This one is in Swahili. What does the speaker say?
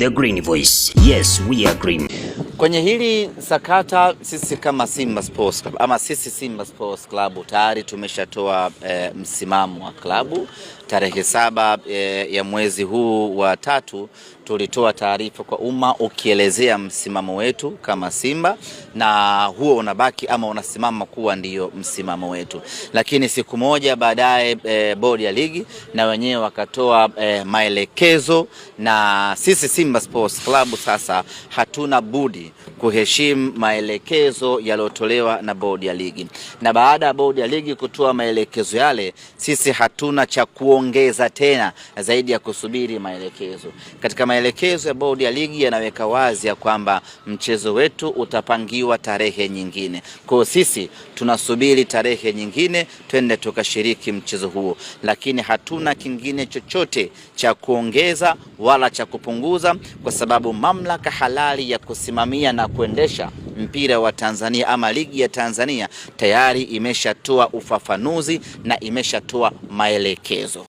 The Green Voice. Yes, we are green. Kwenye hili sakata sisi kama Simba Sports Club ama sisi Simba Sports Club tayari tumeshatoa e, msimamo wa klabu tarehe saba e, ya mwezi huu wa tatu tulitoa taarifa kwa umma ukielezea msimamo wetu kama Simba, na huo unabaki ama unasimama kuwa ndiyo msimamo wetu. Lakini siku moja baadaye e, bodi ya ligi na wenyewe wakatoa e, maelekezo, na sisi Simba Sports Club sasa hatuna budi kuheshimu maelekezo yaliyotolewa na bodi ya ligi, na baada ya bodi ya ligi kutoa maelekezo yale, sisi hatuna cha kuongeza tena zaidi ya kusubiri maelekezo. Katika maelekezo ya bodi ya ligi yanaweka wazi ya kwamba mchezo wetu utapangiwa tarehe nyingine. Kwa hiyo sisi tunasubiri tarehe nyingine twende tukashiriki mchezo huo, lakini hatuna kingine chochote cha kuongeza wala cha kupunguza, kwa sababu mamlaka halali ya kusimamia kusimamia na kuendesha mpira wa Tanzania ama ligi ya Tanzania tayari imeshatoa ufafanuzi na imeshatoa maelekezo.